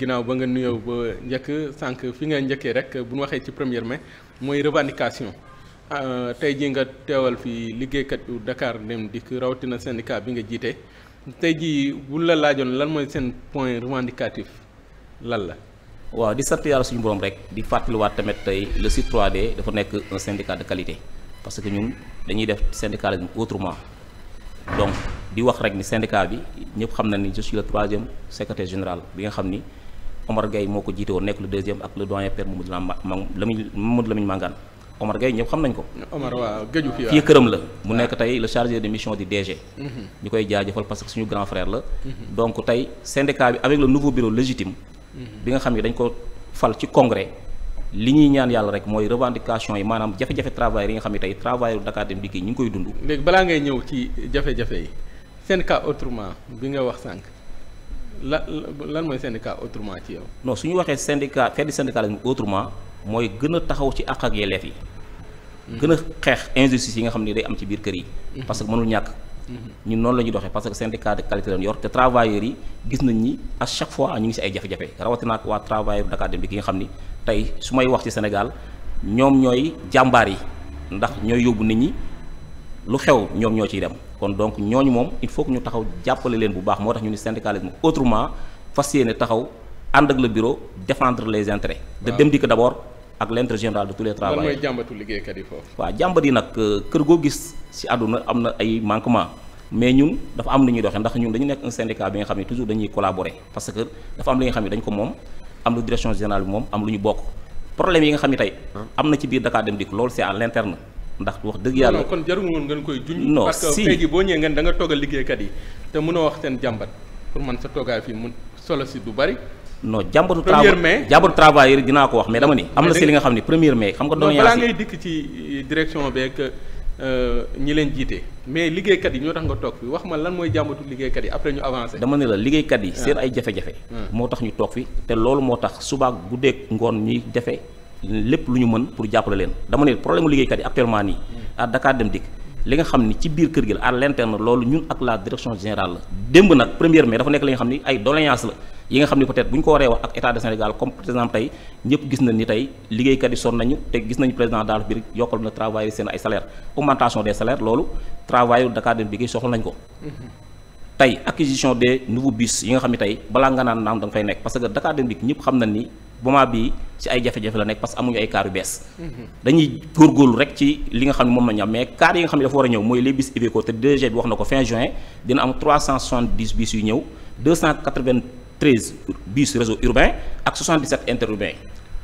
ginnaaw ba nga nuyoo ba njëkk sànq fi nga njëkkee rek bu ñu waxee ci première mais mooy revendication ah, euh, tey jii nga teewal fii liggéeykat yu Dakar Dem Dikk rawatina syndicat bi nga jiite tey jii bu la laajoon lan mooy seen point revendicatif lan la. waaw di sant yàlla suñu borom rek di fàttaliwaat tamit tey le site 3D dafa nekk un syndicat de qualité parce que ñun dañuy def syndicalisme autrement donc di wax rek ni syndicat bi ñëpp xam na ni je suis le général bi nga xam ni. Omar Gueye moo ko jiite woon nekk le deuxième ak le doyen père Mamadou Lam Mamadou Lamine Mangane Omar Gueye ñëpp xam nañ ko. fii këram la. mu nekk tey le chargé de mission du DG. Mhm. ñu koy jaajëfal parce que suñu grand frère la. Mhm. donc tey syndicat bi avec le nouveau bureau légitime. Mhm. bi nga xam ne dañ ko fal ci congrès. li ñuy ñaan yàlla rek mooy revendication yi maanaam jafe-jafe travailleurs yi nga xam ne tey travailleurs Dakar Dem Dikk ñu ngi koy dund. léegi balaa ngay lan lan mooy syndicat autrement ci yow. su ñu waxee syndicat feddi syndicalisme autrement mooy gën a taxaw ci àq ak yelleef yi. Hmm. gën a xeex injustice yi nga xam ne day am ci biir kër yi. Hmm. parce que mënul ñàkk. Hmm. ñun noonu lañuy ñuy doxee parce que syndicat de qualité lañ yor te travailleurs yi gis nañ ni à chaque fois ñu ngi si ay jafe-jafe rawatina ak waa travailleur Dakar Dem Dikk yi nga xam ni tey su may wax ci Sénégal ñoom ñooy jàmbaar yi ndax ñooy yóbbu nit ñi lu xew ñoom ñoo ciy dem. kon donc ñooñu moom il faut ñu taxaw jàppale leen bu baax moo tax ñu ni syndicalisme autrement fas yéene taxaw ànd ak le bureau défendre les intérêts. de dem dikk d' ak l' intérêt général de tous les travailleurs. lan mooy jàmbatu liggéeykat yi foofu. waaw jàmbat yi nag euh, kër goo gis si àdduna am na ay manquement mais ñun dafa am lu ñuy doxee ndax ñun nekk un syndicat bi nga xam ne toujours dañuy collaborer parce que dafa am li nga xam ne dañ ko moom am lu moom am lu ñu bokk problème yi nga xam ne tey am na ci biir Dakar dem dikk loolu c' est ndax wax dëgg yàlla. kon jarul woon ngeen koy junj. non parce que boo ñëwee ngeen da nga toogal liggéeykat yi te a wax seen jàmbat pour man sa toogaay fii mun solo si du bari. noo jàmbatu. premier mai jàmbatu travailleur dinaa ko wax mais dama ni. am na si li nga xam ni premier mai. xam nga doon yaa si balaa ngay dikk ci euh, direction beeg euh, ñi leen jiite mais liggéeykat yi ñoo tax nga toog fi wax ma lan mooy jàmbatu liggéeykat yi après ñu avancé. dama ne la liggéeykat yi ah. seen ay jafe-jafe. Ah. moo tax ñu toog fi te loolu moo tax suba guddeeg ngoon ñuy jafe lépp lu ñu mën pour jàppale leen dama ne problème mu liggéeykat yi actuellement nii à Dakar dem dikk li nga xam ni ci biir kër gi la à l'interne loolu ñun ak la direction générale la démb nag première dafa nekk li nga xam ni ay doléance yi nga xam ni peut bu ñu ko waree wax ak état de Sénégal comme par tey ñëpp gis nañ ni tey liggéeykat yi sonn nañu te gis nañu président daal biir yokkal na travail seen ay salaire augmentation des salaires moment bii ci ay jafe-jafe la nekk parce amuñu ay kaar yu bees dañuy góorgóorlu rek ci li nga xam ne moom la ñu am mais kaar yi nga xam ne dafa war a ñëw mooy les bis Iveco te DG bi wax na ko fin juin dina am 370 bis yu ñëw 293 bus réseau urbain ak 77 interurbain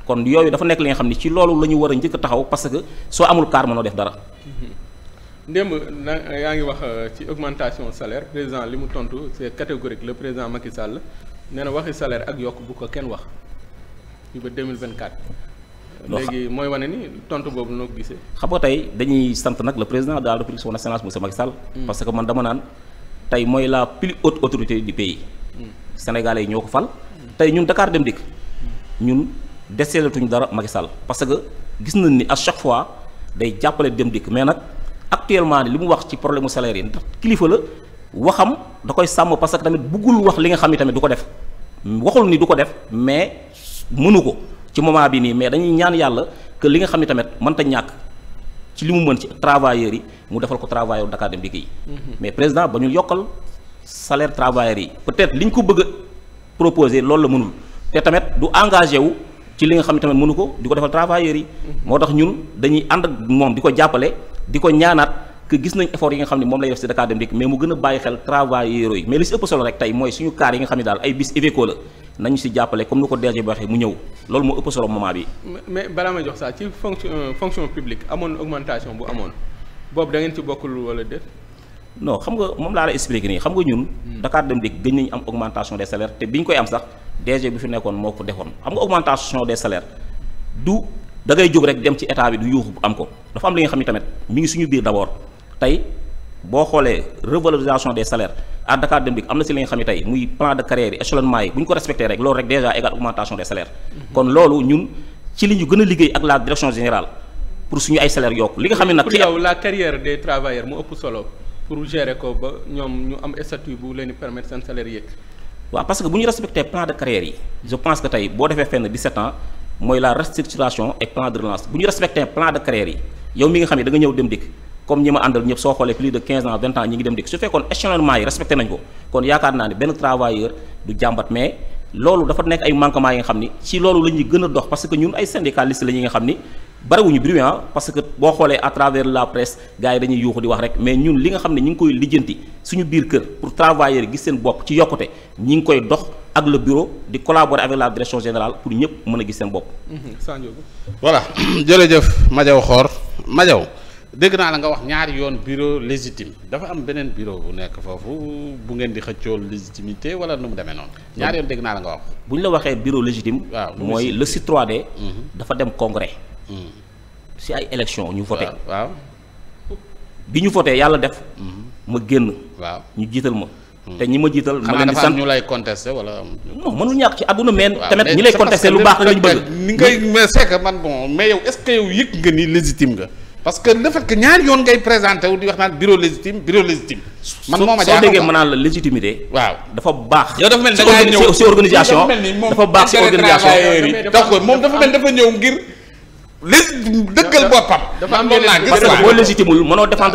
kon yooyu dafa nekk li nga xam ne ci loolu la ñu war a njëkk taxaw parce que soo amul kaar mënoo def dara ndémb na yaa ngi wax euh, ci augmentation salaire président li mu tontu c'est catégorique le président Macky Sall nee na waxi yokk bu ko kenn wax fii ba 2024. léegi mooy wane ni tontu boobu noo gisee. xam nga tey dañuy sant nag le président de la république son excellence monsieur sa Sall. Hmm. parce que man dama naan tey mooy la plus haute autorité du pays. Hmm. Sénégalais yi ñoo ko fal. Hmm. tey ñun dakaar dem dikk. ñun deseelatuñu dara Macky Sall parce que gis nañ ni à chaque fois day jàppale dem dikk mais nag actuellement li mu wax ci problème mu salaire yi ndax kilifa la waxam da koy sàmm parce que tamit buggul wax li nga xam ni du ko def waxul ni du ko def mais. mënu ko ci moment bi nii mais dañuy ñaan yàlla que li nga xam ne tamit mënta ñàkk ci li mu mën ci travailleurs yi mu defal ko travailleurs Dakar Dem Dikk yi mhm. mais président ba ñu yokkal salaire travailleurs yi peut-être li ñu ko bëgg a proposer loolu la mënul te tamit du engagé wu ci li nga xam ne tamit mënu ko di ko defal travailleurs yi mhm. moo tax ñun dañuy ànd ak moom di ko jàppale di ko ñaanaat que gis nañ effort yi nga xam ne moom lay def si Dakar Dem Dikk mais mu gën a bàyyi xel travailleurs yi mais li si ëpp solo rek tey mooy suñu kaar yi nga xam ne daal ay bis Iveco la nañu si jàppale comme ni ko DG mu ñëw loolu moo ëpp solo moment bi mais balaa may jox saa ci fonction euh, fonction publique amoon augmentation bu amoon boobu da ngeen ci bokkul wala déet non xam nga moom laa la expliqué nii xam nga ñun hmm. Dakar Dem Dikk gën nañu am augmentation des te bi ñu am sax DG bi fi nekkoon moo ko defoon xam nga augmentation des salaires rek dem ci état bi du yuuxu am ko dafa am li nga xam ne mi ngi suñu biir d'abord tey boo xoolee revalorisation des salaires à Dakar Dem Dikk am na si li nga xam ne tey muy plan de carrière yi échelonnement yi bu ñu ko respecté rek loolu rek déjà égal augmentation des salaires mhm. kon loolu ñun ci li ñu gën a liggéey ak la direction générale pour suñu ay salaires yokk li nga xam ne nag. pour yow la carrière des travailleurs mu ëpp solo pour gérer ko ba ñoom ñu am statut bu leen di permettre seen salaire yëg. waaw parce que bu ñu respecté plan de carrière yi je pense que tey boo ñu respecté plan de carrière yi yow mi ne da nga ñëw Dem Dikk. comme ñi ma àndal ñëpp soo xoolee plus de 15 ans 20 ans ñi ngi dem dikk su fekkoon échelonnement yi respecté nañ ko kon yaakaar naa ne benn travailleur du jàmbat mais loolu dafa nekk ay manquement yi nga xam ni ci loolu la ñuy gën a dox parce que ñun ay syndicalistes la ñi nga xam ni barewuñu brillant ah, parce que boo xoolee à travers la presse gars yi dañuy yuuxu di wax rek mais ñun li nga xam ne ñu ngi koy lijjanti suñu biir kër pour travailleurs gis seen bopp ci yokkute ñi ngi koy dox ak le bureau di collaborer avec la direction générale pour ñëpp mën a gis seen bopp. Mhm. Sandiogou. voilà jërëjëf Madiaw Xor Madiaw. dégg naa la nga wax ñaari yoon bureau légitime dafa am beneen bureau bu nekk foofu bu ngeen di xëccoo légitimité wala nu mu demee noonu. ñaari yoon dégg naa la nga wax. bu ñu la waxee bureau légitime. waaw mooy le C3D. Mhm. dafa dem congrès. Mhm. si ay élection ñu voté. bi ñu voté yàlla def. Mhm. ma génn. waaw ñu jiital ma. te ñi ma jiital ma leen di sant ñu lay contesté wala. non mënul ñàkk ci àdduna meen. tamit ñi lay contesté lu baax la ñu bëgg. ni ngay mais man bon mais yow ce que yow yëg nga ni légitime parce que le fait que ñaari yoon ngay présenté wu di wax naan bureau légitime bureau légitime. man moo ma soo déggee ma la légitimité. dafa baax. yow dafa mel ni da ngaa ñëw si organisation dafa baax si organisation. donc moom dafa mel dafa ñëw ngir. légitime dafa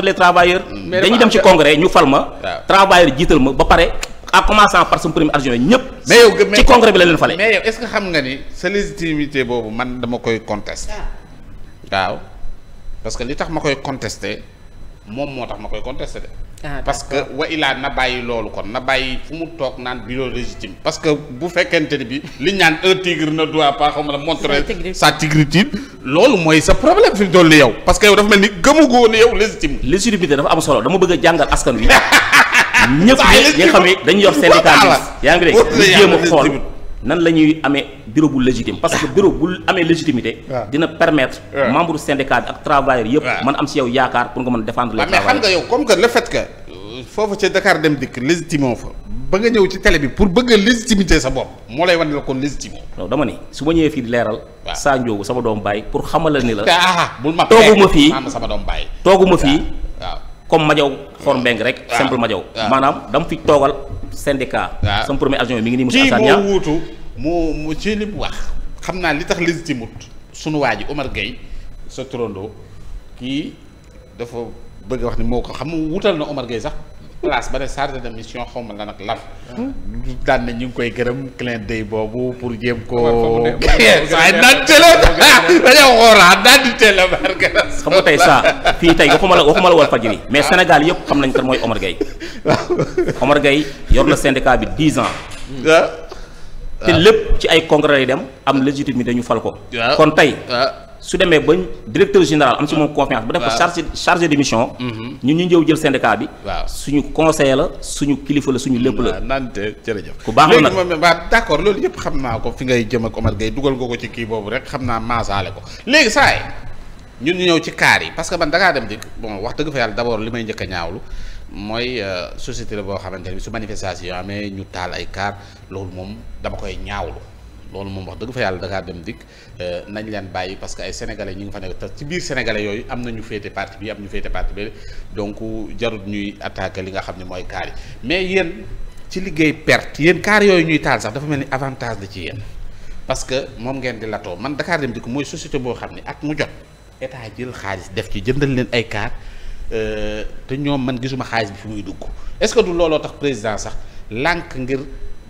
am ci congrès ñu fal ma. travailleurs jiital ma ba pare. en commençant par son premier adjoint ñëpp. mais yow ci congrès bi la leen fale. mais yow est-ce que xam boobu man dama koy contester ah. parce que li tax ma koy contesté moom moo tax ma koy contesté de. Ah, parce que wa ilaa na bàyyi loolu kon na bàyyi fu mu toog naan bureau légitime parce que bu fekkente ni bi li ñaan un tigre ne doit pas xam la montrer sa tigritude loolu mooy sa problème fi doon li yow parce que yow dafa mel ni gëmugoo ne yow légitime légitimité dafa am solo dama bëgg a jàngal askan wi ñëpp ñi nga xam ne dañuy yor syndicalisme yaa ngi dégg ñu jéem a nan la ñuy amee bureau bu légitime parce que bureau bu amee légitimité. dina permettre. membre syndicat ak travailleurs yëpp. mën am si yow yaakaar pour nga mën défendre les travailleurs. nga yow comme que le fait que euh, foofu ca Dakar dem dikk légitime fa ba nga ñëw ci tele bi pour bëgg a légitimité sa bopp moo lay wane la kon légitime. non dama ni su ma ñëwee fii di leeral. waaw saa njóobu sama doom bàyyi pour xamal la ni la. ah, ah, ah bul ma tooguma fii sama doom bàyyi tooguma fii. comme Madiaw forme beng rek. simple Madiaw. maanaam dama fi toogal syndicat. waaw sama premier adjoint mi ngi nii monsieur Assane Niang kii wuutu mu mu ci li wax xam naa li tax légitimut sunu waa ji Omar Gueye sa turandoo kii dafa bëgg wax ni moo ko xam wutal na Omar Gueye sax. place ba ne mission xaw ma na ñu ngi koy gërëm clin d'œil boobu pour koo. waaye naan teel a dañoo xoolaat ah, naan di a xam nga tey saa fii tey waxuma la waxuma la wal fajiri mais Sénégal yëpp xam nañ kan mooy Omar Gueye. Omar Gueye yor na syndicat bi dix ans. Ah. te ah. lépp ci ay congrès yi dem am légitimité ñu fal ko. kon tey. su demee ba directeur général am si moom confiance ba def ko chargé chargé de mission mhm. ñu ñëw jël syndicat bi suñu conseiller la suñu kilifa la suñu lépp la naan te jërëjëf ku baax la nag moom waa d' loolu yëpp xam naa ko fi ngay jëm ak Omar Gueye dugal nga ko ci kii boobu rek xam naa maasaale ko léegi saa ñun ñu ñëw ci car yi parce ban man dangaa dem di bon wax dëgg fa yàlla d' abord li may jëkk a ñaawlu mooy euh, société la boo xamante ne bi su manifestation amee ñu taal ay kaar loolu moom dama koy ñaawlu loolu moom wax dëgg fa yàlla Dakar dem dikk euh, nañ leen bàyyi parce que ay sénégalais ñu ngi fa nekk te ci biir sénégalais yooyu am na ñu féete parti bi am ñu féete parti bi donc jarut ñuy attaquer li nga xam ne mooy kaar yi mais yéen ci liggéey perte yéen kaar yooyu ñuy taal sax dafa mel ni avantage la ci yéen parce que moom ngeen di latoo man dakaar dem dikk mooy société boo xam ne ak mu jot état jël xaalis def ci jëndal leen ay kaar euh, te ñoom man gisuma xaalis bi fi muy dugg est looloo tax président sax lànk ngir.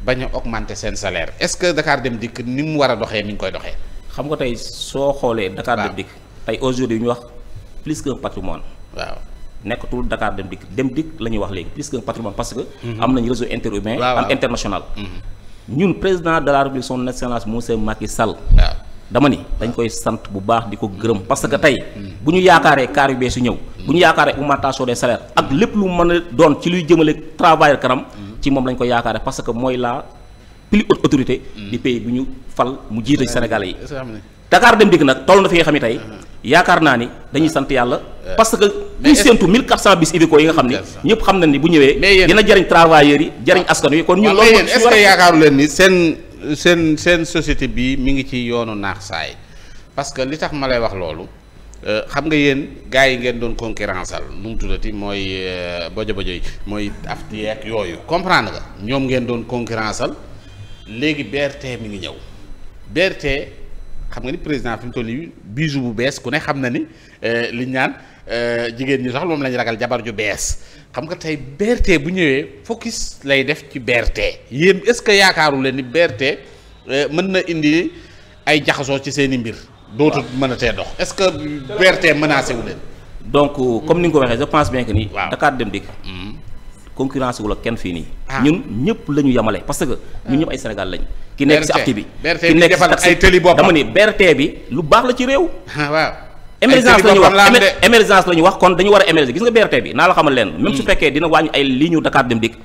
bañ a seen salaire est-ce que Dakar Dem Dikk ni mu war a doxee mi ngi koy doxee. xam nga tey soo xoolee. Dakar Dem Dikk tey aujourd'hui ñu wax plus qu'un patrimoine. nekkatul Dakar Dem Dikk Dem Dikk la ñuy wax léegi plus qu'un patrimoine parce que. Mhm. am nañu réseau interurbain. am international. Mhm. ñun président de la République son excellence monsieur Macky Sall. waaw dama ni dañ koy sant bu baax di ko gërëm mhm. parce que tey bu ñu yaakaaree kaar yu bees su ñëw bu ñu a ci moom lañ ko yaakaare parce que mooy la plus haute autorité mm. du pays bu ñu fal mu jiite senegal yi Dakar Dem Dikk nag toll na fi nga xam ne tey mm-hmm. yaakaar naa ni dañuy sant yàlla parce que ñu séentu 1400 bis Iveco yi nga xam ni ñëpp xam na ni bu ñëwee dina jariñ travailleurs yi ah. jariñ askan wi kon ñun loolu est ce yaakaaru leen ni seen seen seen société bi mi ngi ci yoonu naax saay parce que li tax ma lay wax loolu Euh, xam nga yéen gars yi ngeen doon concurrence al nu mooy euh, bojo bojo yi mooy afti ak yooyu comprendre nga ñoom ngeen doon concurrence léegi BRT mi ngi ñëw BRT xam nga ni président fi mu bu bees ku ne xam na ni euh, li ñu naan jigéen ñi sax moom la ragal jabar ju bees xam nga tey BRT bu ñëwee focus lay def ci BRT yéen est-ce que yaakaaru leen ni BRT mën na indi ay jaxasoo ci seen i mbir. dootul mën a tee dox est-ce que BRT menacé wu leen. donc euh, comme ni nga ko waxee je pense bien que ni. waaw Dakar Dem Dikk. Hmm. concurrence wala kenn fii nii. Ah. ñun ñëpp la ñu yamale parce que ñun ñëpp ay Sénégal lañ. ki nekk si acti bi ki nekk si ay tëli boppam dama ni BRT bi lu baax la ci réew. Ah, waaw émergence la ñu wax émergence la wax kon dañu war a émerger gis nga BRT bi naa la xamal leen. même su hmm. fekkee dina wàññi ay lignes Dakar Dem Dikk.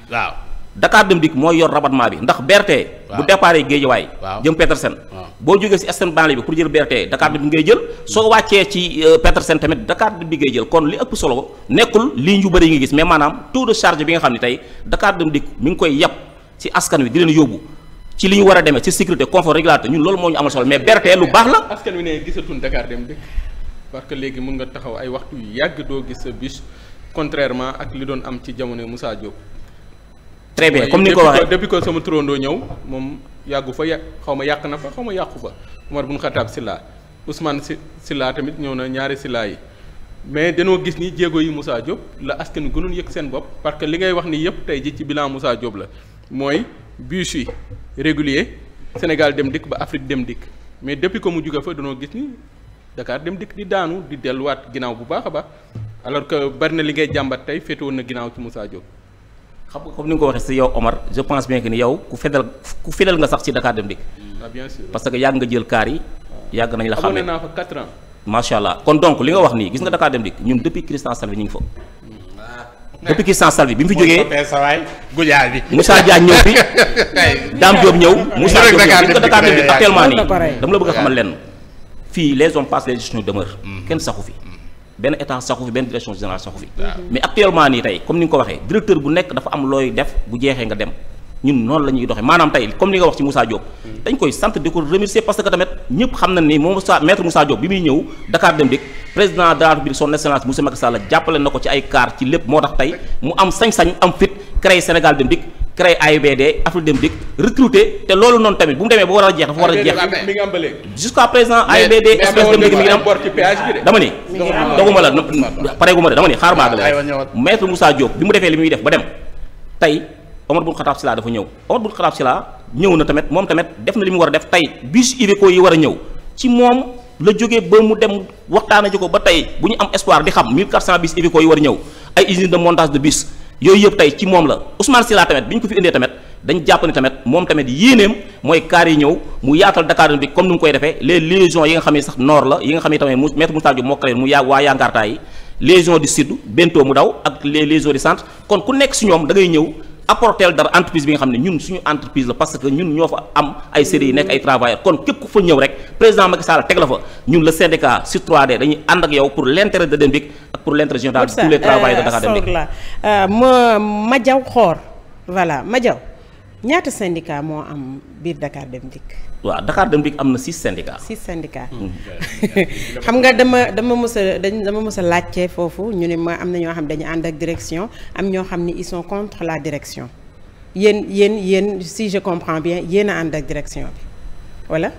Dakar Dem Dikk mooy yor rabattement bi ndax BRT bu déparé Géejawaay jëm Petersen boo jógee si sn banlieue bi pour jël BRT Dakar Dem Dikk ngay jël soo wàccee ci euh, Petersen tamit Dakar Dem Dikk jël kon li ëpp solo nekkul lii ñu bëri yi nga gis mais maanaam taux de charge bi nga xam ne tey Dakar Dem Dikk mi ngi koy yàpp ci askan wi di leen yóbbu ci li ñu war a demee ci sécurité confort régulateur ñun loolu moo ñu amal solo mais BRT lu baax la askan wi ne gisatuñ Dakar Dem Dikk parce que léegi mun nga taxaw ay waxtu yu yàgg doo gis sa bus contrairement ak li doon am ci jamono Moussa Diop très bien comme ni ko waxee depuis que sama turandoo ñëw moom yàggu fa yà xaw ma yàq na fa xaw ma yàqu fa Umar bun Xataab Silla Ousmane si Silla tamit ñëw na ñaari Silla yi mais danoo gis ni jéego yi Moussa Diop la askan gënoon yëg seen bopp parce que li ngay wax ni yëpp tey ji ci bilan Moussa Diop la mooy bus yi régulier Sénégal dem dikk ba Afrique dem dikk mais depuis ko mu jóge fa dañoo gis ni Dakar dem dikk di daanu di delluwaat ginnaaw bu baax a baax alors que bari na li ngay jàmbat tey féetewoon na ginnaaw ci Moussa Diop. xam nga comme ni nga ko waxee si yow Omar je pense bien que ni yow ku fidèle ku fidèle nga sax si Dakar Dem Dikk. Mm. Ah, parce que yàgg nga jël kaar yi. yàgg nañ la xamee abonné naa fa 4 ans. macha allah kon donc li nga wax nii gis nga Dakar Dem Dikk ñun depuis Christian Salvi ñu ngi fa. Mm. depuis Christian Salvi bi mu fi jógee gujaay bi Moussa ñëw fi Dame Diop ñëw Moussa Diop ñëw gis nga Dakar Dem Dikk actuellement nii dama la bëgg a xamal lenn fii les hommes passent les gestions demeurent mm. kenn saxu fi benn état saxu fi benn direction générale saxu fi mais actuellement nii tey comme ni nga ko waxee directeur bu nekk dafa am looy def bu jeexee nga dem ñun noonu la doxe doxee maanaam tey comme li nga wax ci Moussa Diop hmm. dañ koy sant di ko remercier parce que tamit ñëpp xam na ni moom Moussa maître Moussa bi muy ñëw Dakar Dem Dikk président de la République son excellence jàppale na ko ci ay kaar ci lépp moo tax tey mu am sañ-sañ am fit créer Sénégal Dem Dikk créé AIBD Afrique Dem Dikk recruter te loolu noonu tamit bu mu demee ba war a jeex dafa war a jeex jusqu'à présent AIBD Express Dem Dikk mi ngi dama ni doguma la pareegu ma de dama ni xaar maa la maître Moussa Diop bi mu defee li muy def ba dem tey Omar Boun Khattab Sylla dafa ñëw Omar Boun Khattab Sylla ñëw na tamit moom tamit def na li mu war a def tey bus Iveco yi war a ñëw ci moom la jógee ba mu dem waxtaana ji ko ba tey bu ñu am espoir di a ñëw ay usine de yooyu yëpp tey ci moom la Ousmane Sylla tamit bi ñu ko fi indee tamit dañ jàpp ne moom tamit yéeneem mooy kaar yi ñëw mu yaatal Dakar bi comme ni mu koy defee les légions yi nga xam ne sax nord la yi nga xam ne tamit maître Moussa Diop moo créé mu yaa waa yaangaartaa yi légion du sud bentoo mu daw ak les légions du centre kon ku nekk si ñoom da ngay ñëw apporter dara entreprise bi nga xam ne ñun suñu entreprise la parce que ñun ñoo fa am ay série yi nekk ay travailleurs kon képp ku fa ñëw rek président Macky Sall teg la fa ñun le syndicat sur 3D dañuy ànd ak yow pour l' intérêt de Dendbick ak pour l' intérêt général de tous les travailleurs de Dakar Dendbick euh, euh, ma Madiaw Xor voilà Madiaw ñaata syndicat moo am biir Dakar Dendbick waa Dakar Dem Dikk am na six syndicats. six syndicats. Hmm. xam nga dama dama mës a dañ dama mës a laajte foofu ñu ne ma am na ñoo xam ne dañu ànd ak direction am ñoo xam ne ils sont la direction yéen yéen yéen si je comprends bien yéen a ànd ak direction bi voilà.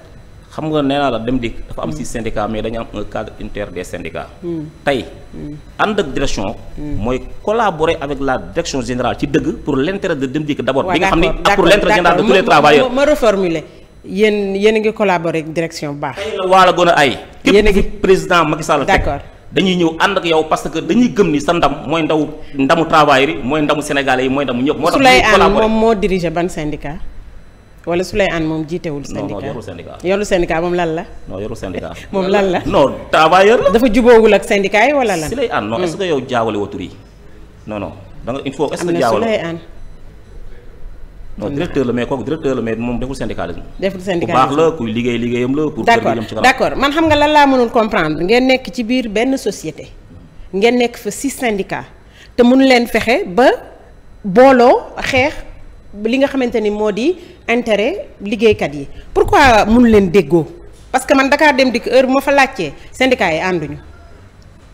xam nga nee naa la Dem Dikk dafa am hmm. six syndicats mais dañu am un cadre inter des syndicats. Hmm. tey ànd ak direction. mooy collaborer avec la direction générale ci dëgg pour l' intérêt Dem Dikk d' abord. bi nga xam ne pour l' intérêt général de tous ma reformuler. yéen yéen a ngi collaborer ak direction bu baax. tey la waala gën a ay. yéen a ngi président Macky Sall d'accord dañuy ñëw ànd ak yow parce que dañuy gëm ni sa ndam mooy ndaw ndamu travail yi mooy ndamu sénégalais yi mooy ndamu ñëpp. moo tax ñuy collaborer moom moo diriger ban syndicat. wala Souleymane moom jiitewul syndicat non yorul syndicat moom lan la. non yorul syndicat. moom lan la non la. dafa jubóowul ak syndicat yi wala lan. Souleymane non est-ce mm. yow jaawale watur yi non non da nga il faut est-ce que jaawale am non directeur la mais kooku directeur la mais moom deful syndicalisme. deful syndicalisme ku baax la kuy liggéey liggéeyam la. pour kër gi jëm ci kanam d' man xam nga lan laa mënul comprendre ngeen nekk ci biir benn société ngeen nekk fa six syndicats te munu leen fexe ba booloo xeex li nga xamante ni moo di intérêt liggéeykat yi pourquoi mënu leen déggoo parce que man Dakar dem dikk heure bu ma fa laajtee syndicats yi ànduñu.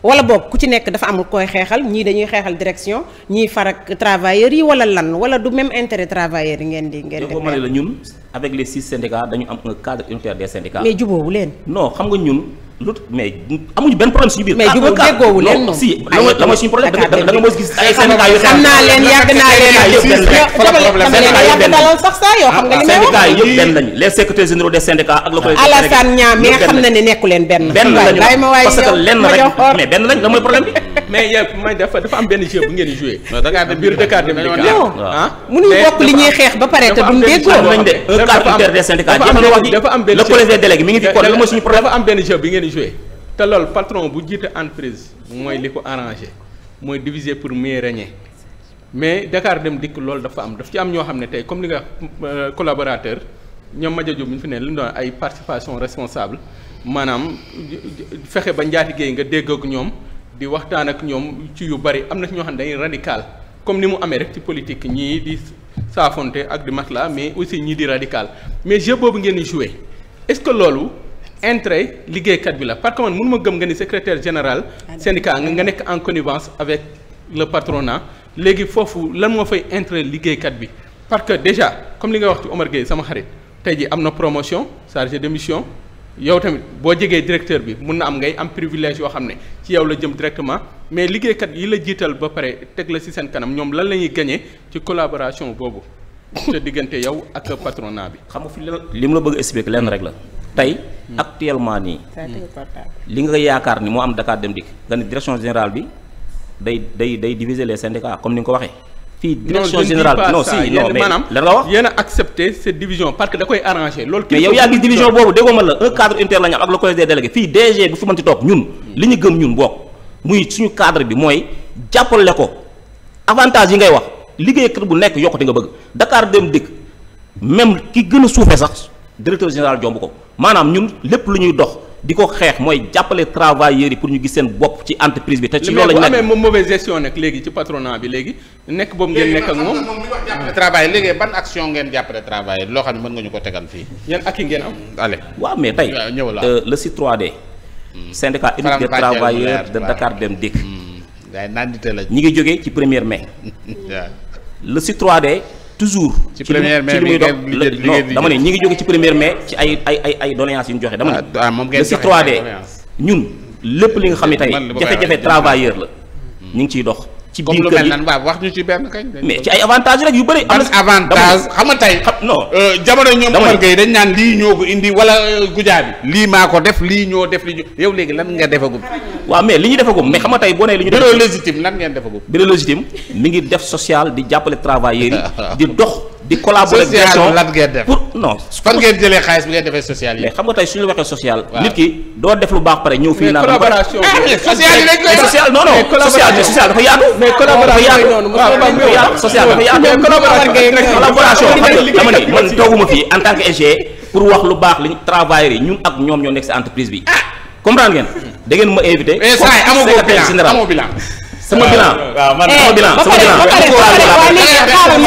wala boog ku ci nekk dafa am koy xeexal ñii dañuy xeexal direction ñii farak travailleurs yi wala lan wala du même intérêt travailleurs yi ngeen di. ngeen di ma ne la ñun avec les six syndicats dañu am un cadre unitaire des syndicats. mais jubóowu leen. non xam nga ñun. lu mais amuñu benn problème suñu biir. mais ah, jubóo déggoowu leen moom si la mooy suñu problème da nga mooy gis ay syndicat yu xam naa leen yàgg naa leen dalal sax saa yoo xam nga li may wax syndicat yëpp benn lañu les secrétaires généraux des syndicats ak la koy Alassane Niang mais xam na ne nekku leen benn benn lañu parce que lenn rek mais benn lañ la mooy problème bi mais yow may dafa dafa am benn jeu bu ngeen joué biir Dakar dem Dakar ah? mënuñu bokk li ñuy xeex ba pare te duñ déggoo nañ de un cadre des syndicats dafa am benn le collège des délégués mi ngi fi kon la mooy suñu problème dafa am benn jeu bi ngeen te lool patron bu jiite entreprise mooy li ko arrangé mooy diviser pour mieux régner mais Dakar dem dikk loolu dafa am daf ci am ñoo xam ne tey comme ni nga euh, collaborateur ñoom Madia Diop mi fi ne lu ñu doon ay participation responsable maanaam fexe ba njaatigéey nga dégg ak ñoom di waxtaan ak ñoom ci yu bari am na ci ñoo xam ne dañuy radical comme ni mu amee rek ci politique ñii di saafonte ak di matla mais aussi ñii di radical mais jeu boobu ngeen di joué intérêt liggéeykat bi la parce que man mënu ma gëm nga ni secrétaire général ah, syndicat nga nekk en connivence avec le patronat léegi foofu lan moo fay intérêt liggéeykat bi parce que déjà comme li ngay wax ci Omar Gueye sama xarit tey ji am na promotion chargé de mission yow tamit boo jegee directeur bi mun na am ngay am privilège yoo xam ne ci yow la jëm directement mais liggéeykat yi la jiital ba pare teg la ci seen kanam ñoom lan la ñuy gañee ci collaboration boobu sa diggante yow ak patronat bi. xam nga fi li mu la bëgg a expliquer lenn rek la tey hmm. actuellement nii. li nga yaakaar ni moo am Dakar dem dikk nga ni direction générale bi day day day diviser les syndicats comme ni nga ko waxee. fii direction générale non si non mais maanaam lan nga wax yéen accepté cette division parce que da koy arrangé loolu mais yow yaa gis division boobu déggoo ma la un cadre inter la ñu am ak le collège des délégués fii DG bu fi mënti toog ñun hmm. li ñu gëm ñun bokk muy suñu cadre bi mooy jàppale ko avantage yi ngay wax liggéeykat bu nekk yokkute nga bëgg dakaar dem dikk même ki gën a suufee sax directeur général jomb ko maanaam ñun lépp lu ñuy dox di ko xeex mooy jàppale travailleurs yi pour ñu gis seen bopp ci entreprise bi. te ci loolu la ñu nekk mais bu amee mauvaise gestion nag léegi ci patronat bi léegi. nekk boobu ngeen nekk ak moom léegi ñu wax jàppale ban action ngeen jàppale travail loo xam ne mën nga ñu ko tegal fii. yéen ak yi ngeen am. allez waaw mais tey euh, le site 3D. Hmm. syndicat unique des travailleurs de Dakar Dem Dikk. waaye hmm. naan la ñu ngi jógee ci première mais le si 3D toujours. ci première mai bi dama ne ñi ngi jóge ci première mai ci ay ay ay ay doléances yu ñu joxe dama ne. Ah, ah, le si 3D ñun lépp li nga xam ne tey jafe-jafe travailleur la hmm. ñu ngi ciy dox. ci biir kër gi comme lu mel wax ñu ci benn kañ. mais ci ay avantages rek yu bëri. am na avantage xam nga tey. xam non euh, jamono ñoom Omar Gueye dañ naan lii ñoo ko indi wala euh, gujaa bi. lii maa ko def lii ñoo def lii yow léegi lan nga defagum. waaw mais li ñu defagum mais xam nga tey boo nee li ñu. bureau légitime lan ngeen defagum. bureau ngi def social di jàppale travailleurs yi di dox di collaborer. social lan ngeen pour non. fan ngeen jëlee xaalis bi ngeen defee social yi. mais xam nga tey suñu la waxee social. nit ki doo def lu baax pare ñëw fii. naan collaboration ah, ah, social yi dañ koy social non non social social dafa yaatu. dafa yaatu. mais collaboration dama ne man tooguma fii en tant que pour wax lu baax li travailleurs yi ñun ak ñoom ñoo nekk si entreprise bi ah! comprendre da ngeen ma invité. secrétaire général sama bilan waaw sama bilan sama bilan ba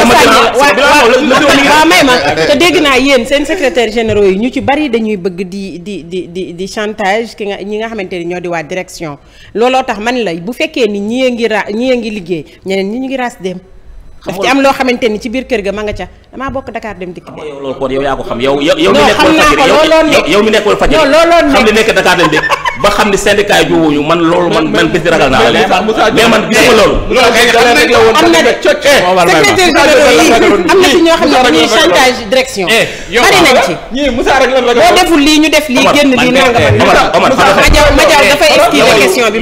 ma sànni la waaw may ma te dégg naa yéen seen secrétaire généraux yi ñu ci bari dañuy bëgg di di di di di chantage ki nga ñi nga xamante ni ñoo di waa direction looloo tax man la bu fekkee ni ñi a ngi ra ñi ngi liggéey ñeneen ñi ñu ngi ras dem daf ci am loo xamante ni ci biir kër ga ma nga ca damaa bokk Dakar dem dikk de yow loolu kon yow yaa ko xam yow yow mi nekkoon fajiri yow mi nekkoon fajiri loolu nekk ba xam ni syndicat yi juwuñu man loolu man man bis di ragal naa la mais man gisuma loolu. loolu de ci ñoo xam ne dañuy chantage direction. bari nañ la boo deful lii ñu def lii génn lii nangam ak nangam. Omar Madiaw Madiaw dafay esquiver question bi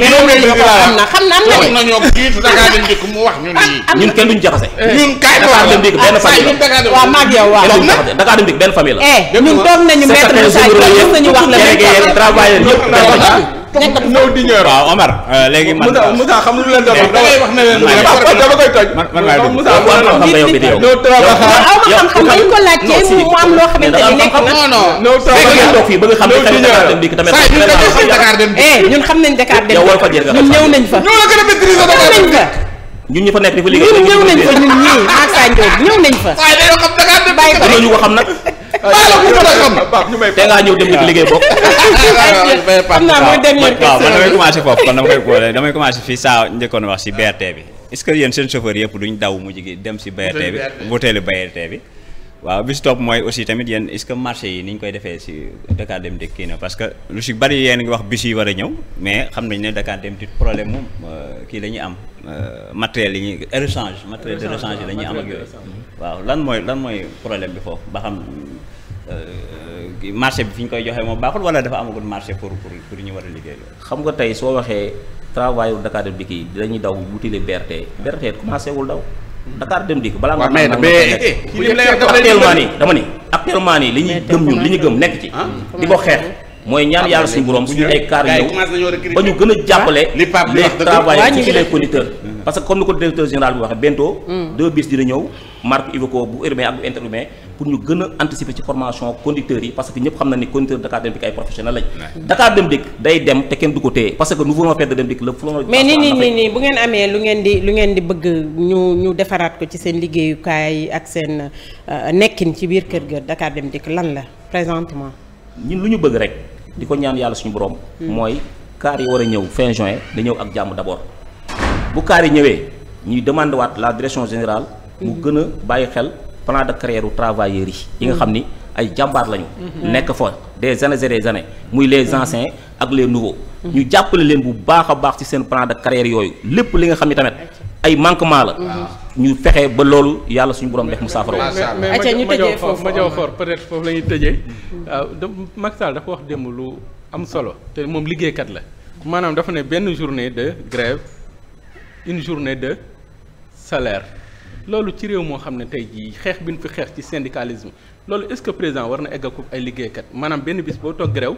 wax la. ñun toog nañu mettre ñëw di ñëw waaw Omar léegi man Moussa xam lu leen da ngay wax ne leen dama koy toj man man Moussa yow bi yow no xam xam dañ ko laajte mu am loo xamante ni nekk na non no toog fii bëgg xam ne tamit Dakar dem ñun xam nañ Dakar dem ñun ñëw nañ fa ñoo la gën a maîtriser Dakar ñun ñu fa nekk dafa liggéey ñun ñëw nañ fa ñun ñii ak Sa Ndiogou ñëw nañ fa. waaye dañoo xam ñu ko xam nag. bàyyi ko te ngaa ñëw dem ñu liggéey bokk. xam naa mooy dernier question man damay commencé foofu kon damay commencé fii saa njëkkoon wax si BRT bi est-ce que yéen seen chauffeur yëpp duñ daw mu gi dem si BRT bi buteelu BRT bi waaw bi mooy aussi tamit yéen est-ce que marché yi ni ñu koy defee si Dakar Dem Dikk kii na parce que lu si bari yéen ngi wax bis yi war a ñëw mais xam nañ ne Dakar Dem Dikk problème moom euh, kii la ñuy am euh, matériel yi ñuy rechange matériel de la ñuy am waaw lan mooy lan mooy problème bi foofu ba xam euh, marché bi fi ñu koy joxee moo baaxul wala dafa amagul marché pour pour pour ñu war liggéey xam nga tey soo waxee travail Dakar Dem Dikk yi dinañuy daw wuti le BRT commencé wul daw Dakar dem dikk balaa nga. mais actuellement nii dama ni actuellement nii li ñuy gëm ñun li ñu gëm nekk ci. Ah, di ko xeex mooy ñaan ah, yàlla suñu borom suñu ay kaar ñëw ba ñu gën a jàppale. li Pape di wax travailleurs ci les conducteurs. Mm. parce que comme ni ko directeur général bi waxee bentoo mm. deux dina ñëw marque Iveco bu urbain ak bu interurbain pour ñu gën a ci formation conducteurs yi parce que ñëpp xam na ni conducteur Dakar Dem Dikk ay professionnel lañ. Dakar kenn ko téye parce que nous voulons faire de Dem Dikk nii bu ngeen amee lu ngeen di lu ngeen di bëgg ñu ñu defaraat ko ci seen liggéeyukaay ak seen euh, nekkin ci biir kër ga Dakar Dem Dikk lan la présentement. ñun lu ñu bëgg rek di ko ñaan yàlla suñu borom. Hmm. mooy kaar yi war a ñëw fin juin da ñëw ak jàmm d'abord bu kaar yi ñëwee ñuy demande waat la direction général mu hmm. gën a bàyyi xel. plan de carrière u yi. yi nga mm-hmm. xam ni ay jàmbaar lañu. Mm-hmm. nekk fa des années et années muy les mm-hmm. anciens ak les nouveaux. ñu jàppale leen bu baax a baax ci seen plan de carrière yooyu lépp li nga xam ni tamit ay manquement la. ñu fexe ba loolu yàlla suñu borom def mu saafara. mais ñu tëjee foofu ma jaw xoor peut-être foofu la ñuy tëjee. waaw Macky Sall dafa wax démb lu am solo te moom liggéeykat la maanaam dafa ne benn journée de grève une journée de salaire. loolu ci réew moo xam ne tey jii xeex bi ñu fi xeex ci syndicalisme loolu est-ce que président war na egg ko ay liggéeykat maanaam benn bis boo toog grève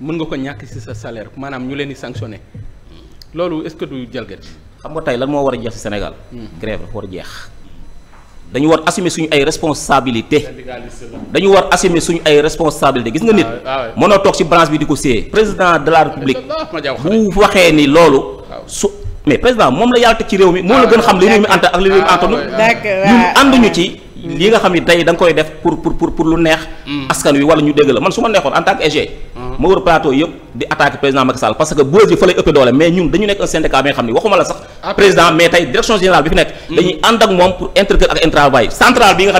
mën nga ko ñàkk ci sa salaire maanaam ñu leen di sanctionné loolu est-ce que du jalgati. xam nga tey lan moo war a jeex ci Sénégal. Hmm. grève dafa war a jeex. dañu war assumer suñu ay responsabilité dañu war assumer suñu ay responsabilité gis nga nit ah, ah, mënoo toog ci branche bi di ko séyee président de la république bu waxee ni loolu su mais président moom la yàlla teg ci réew mi moom la gën xam li réew mi anta ak li réew ah, ci li nga xam ni tey da koy def pour pour pour lu neex mm. askan wi wala ñu dégg la man su ma neexoon en tant mm. ma wër plateau yëpp di attaquer président Macky parce que buzz bi fa lay ëppee doole mais ñun dañu nekk un bi nga xam ni waxuma la sax ah, président mais tey direction générale bi fi nekk mm. dañuy ànd ak moom pour intercœur ak intravail centrale bi nga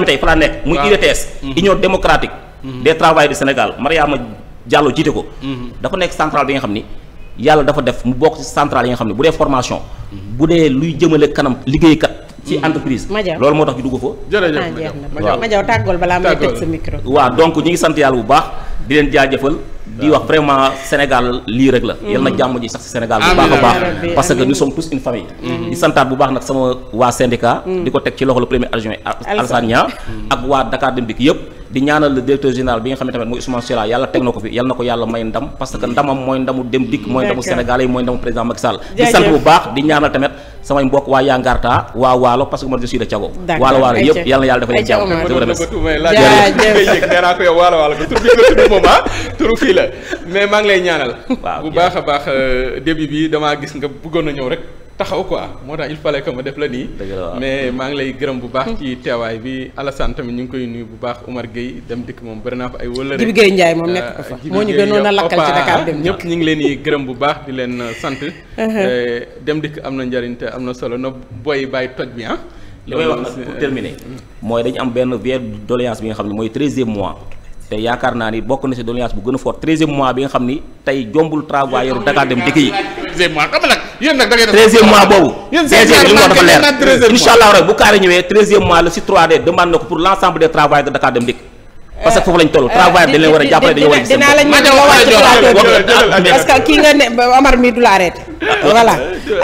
xam yàlla dafa def mu bokk ci centrale yi nga xam ne bu dee formation bu dee luy jëmale kanam liggéeykat ci mm-hmm. entreprise loolu moo tax ñu dugg fa jërëjëf ah, Madiaw tàggool balaa may tëj sa micro waaw donc ñu ngi sant yàlla bu baax di leen jaajëfal di wax vraiment Sénégal lii rek la yal na jàmm ji sax si Sénégal bu baax a nag sama waa syndicat di ko teg ci loxo le premier adjoint Alassane Niang ak waa Dakar Dem Dikk yëpp di ñaanal directeur général bi nga xam ne tamit mooy Ousmane Sylla yàlla teg yàlla na ko yàlla may ndam parce que ndamam mooy ndamu Dem Dikk mooy ndamu Sénégalais yi mooy ndamu président Macky Sall di sant bu baax di ñaanal tamit samay mbokk waa Yangarta waa Waalo parce que man je mais maa ngi lay ñaanal. waaw bu baax a baax euh, début bi damaa gis nga bëggoon na ñëw rek taxaw ko am moo tax il fallait que ma def la nii. mais maa ngi lay gërëm bu baax. Hmm. ci teewaay bi Alassane tamit ñu ngi koy nuyu bu baax Omar Gueye dem dikk moom bari naa fa ay wëllëre. Jibi Gueye moom nekk ko fa euh, moo ñu gënoon a lakkal ci Dakar dem ñëpp ñu ngi leen di gërëm bu baax di leen euh, sant. Uh-huh. dem dikk am na njëriñ am na solo na booy bàyyi toj bi ah. li hmm. mooy dañu am benn vieille doléance bi nga xam ne mooy treizième mois te yaakaar naa ni bokk na si doléance bu gën a fort treizième mois bi nga xam ni tey jombul travailleur Dakar dem dikk yi. treizième mois boobu. yéen seen rek bu kaari ñëwee treizième mois la si 3D demande na ko pour l' ensemble des travailleurs dem dikk parce que foofu lañ toll euh, travail dañ leen war a jàppale dañu war a dinaa la ñu parce que kii nga ne Omar mii du la arrêté voilà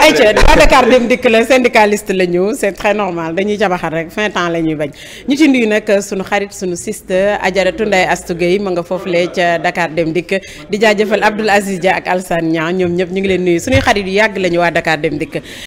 ayca waa Dakar dem dikk la syndicaliste la ñu c'est très normal dañuy jabaxal rek fin temps la ñuy bañ ñu ci nuyu nag suñu xarit suñu sister Ajaratu Ndeye Astou Gueye ma nga foofulee ca Dakar dem dikk di jaajëfal Abdoul Aziz Dia ak Alsane Niang ñoom ñëpp ñu ngi leen nuyu suñuy xarit yu yàgg la ñu waa Dakar dem dikk